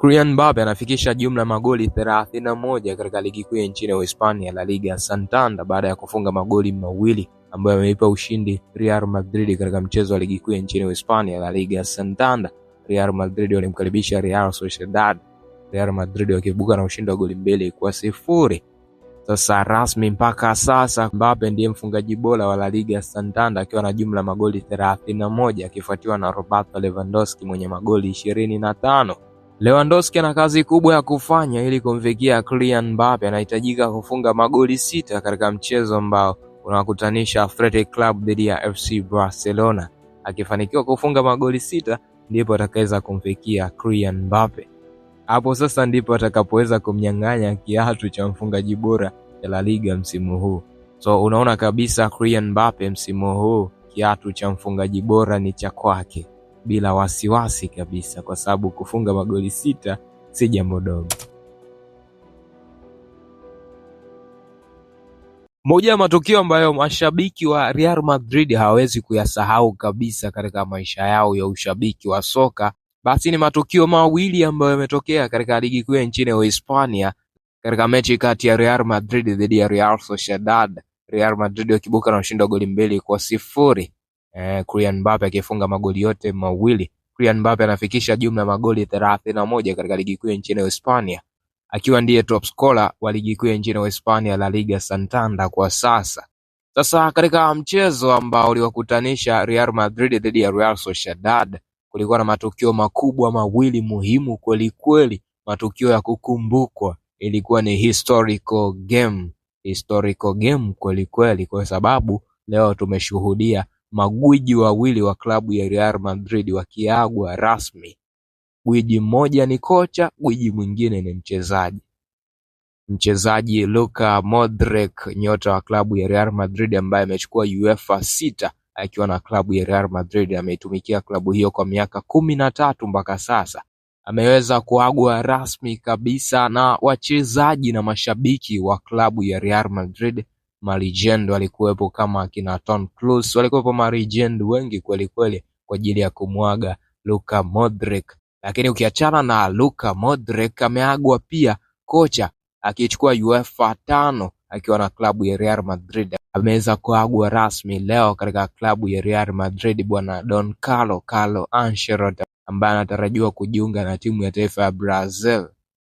Kylian Mbappe anafikisha jumla magoli 31 katika ligi kuu ya nchini Uhispania La Liga Santander baada ya kufunga magoli mawili ambayo ameipa ushindi Real Madrid katika mchezo wa ligi kuu ya nchini Uhispania La Liga Santander. Real Madrid walimkaribisha Real Sociedad, Real Madrid wakibuka na ushindi wa goli mbili kwa sifuri. Sasa rasmi mpaka sasa Mbappe ndiye mfungaji bora wa La Liga Santander akiwa na jumla magoli 31 akifuatiwa na Roberto Lewandowski mwenye magoli 25 Lewandowski ana kazi kubwa ya kufanya ili kumfikia Kylian Mbappe anahitajika kufunga magoli sita katika mchezo ambao unakutanisha Athletic Club dhidi ya FC Barcelona. Akifanikiwa kufunga magoli sita ndipo atakaweza kumfikia Kylian Mbappe. Hapo sasa ndipo atakapoweza kumnyang'anya kiatu cha mfungaji bora ya La Liga msimu huu. So unaona kabisa Kylian Mbappe msimu huu kiatu cha mfungaji bora ni cha kwake bila wasiwasi kabisa, kwa sababu kufunga magoli sita si jambo dogo. Moja ya matukio ambayo mashabiki wa Real Madrid hawawezi kuyasahau kabisa katika maisha yao ya ushabiki wa soka, basi ni matukio mawili ambayo yametokea katika ligi kuu ya nchini Uhispania katika mechi kati ya Real Madrid dhidi ya Real Sociedad, Real Madrid wakibuka na ushindi wa goli mbili kwa sifuri eh, Kylian Mbappe akifunga magoli yote mawili. Kylian Mbappe anafikisha jumla magoli 31 katika ligi kuu ya nchini Hispania akiwa ndiye top scorer wa ligi kuu ya nchini Hispania La Liga Santander kwa sasa. Sasa katika mchezo ambao uliwakutanisha Real Madrid dhidi ya Real Sociedad kulikuwa na matukio makubwa mawili muhimu kweli kweli, matukio ya kukumbukwa. Ilikuwa ni historical game, historical game kweli kweli, kwa sababu leo tumeshuhudia Magwiji wawili wa klabu ya Real Madrid wakiagwa rasmi gwiji mmoja ni kocha gwiji mwingine ni mchezaji mchezaji Luka Modric nyota wa klabu ya Real Madrid ambaye amechukua UEFA sita akiwa na klabu ya Real Madrid ameitumikia klabu hiyo kwa miaka kumi na tatu mpaka sasa ameweza kuagwa rasmi kabisa na wachezaji na mashabiki wa klabu ya Real Madrid marijend walikuwepo kama akina Tom Cruise, walikuwepo malegend wengi kweli kweli kwa ajili ya kumwaga Luka Modric. Lakini ukiachana na Luka Modric, ameagwa pia kocha akichukua UEFA tano akiwa na klabu ya Real Madrid. Ameweza kuagwa rasmi leo katika klabu ya Real Madrid bwana Don Carlo Carlo Ancelotti ambaye anatarajiwa kujiunga na timu ya taifa ya Brazil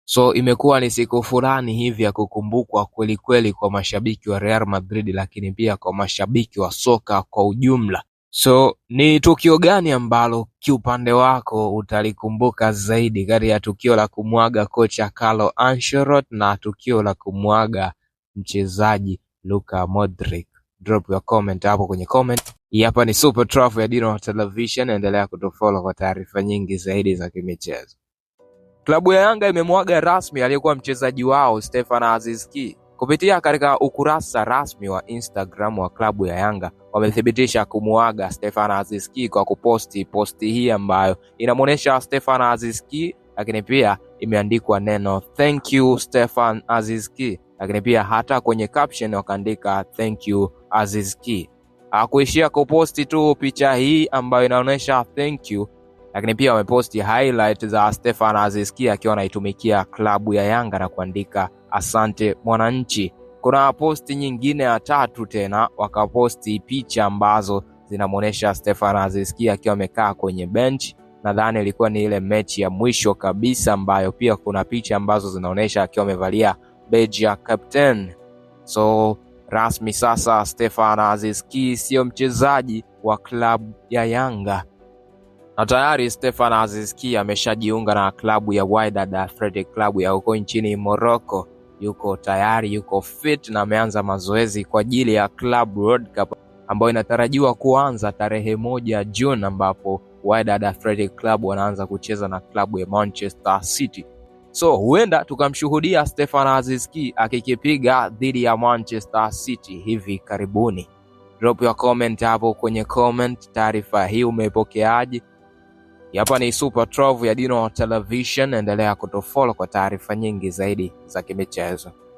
so imekuwa ni siku fulani hivi ya kukumbukwa kwelikweli kwa mashabiki wa Real Madrid, lakini pia kwa mashabiki wa soka kwa ujumla. So ni tukio gani ambalo kiupande wako utalikumbuka zaidi kati ya tukio la kumwaga kocha Carlo Ancelotti na tukio la kumwaga mchezaji Luka Modric? Drop your comment hapo kwenye comment. hapa ni Super Traf ya Dino Television, endelea kutufollow kwa taarifa nyingi zaidi za kimichezo. Klabu ya Yanga imemwaga rasmi aliyekuwa mchezaji wao Stefan Aziz Ki kupitia katika ukurasa rasmi wa Instagram wa klabu ya Yanga wamethibitisha kumuaga Stefan Aziz Ki kwa kuposti posti hii ambayo inamwonyesha Stefan Aziz Ki, lakini pia imeandikwa neno thank you Stefan Aziz Ki, lakini pia hata kwenye caption wakaandika thank you Aziz Ki. Hakuishia kuposti tu picha hii ambayo inaonyesha thank you lakini pia wameposti highlight za Stefan Aziz akiwa anaitumikia klabu ya Yanga na kuandika asante mwananchi. Kuna posti nyingine ya tatu tena, wakaposti picha ambazo zinamwonyesha Stefan Aziz akiwa amekaa kwenye bench. Nadhani ilikuwa ni ile mechi ya mwisho kabisa, ambayo pia kuna picha ambazo zinaonyesha akiwa amevalia beji ya captain. So rasmi sasa Stefan Aziz sio mchezaji wa klabu ya Yanga na tayari Stefan azizki ameshajiunga na klabu ya Wydad Athletic Club ya huko nchini Morocco. Yuko tayari, yuko fit na ameanza mazoezi kwa ajili ya Club World Cup ambayo inatarajiwa kuanza tarehe moja Juni, ambapo Wydad Athletic Club wanaanza kucheza na klabu ya Manchester City. So huenda tukamshuhudia Stefan Aziz akikipiga dhidi ya Manchester City hivi karibuni. Drop your comment hapo kwenye comment. Taarifa hii umepokeaje? Hapa ni Super Trove ya Dino Television, endelea kutofollow kwa taarifa nyingi zaidi za kimichezo.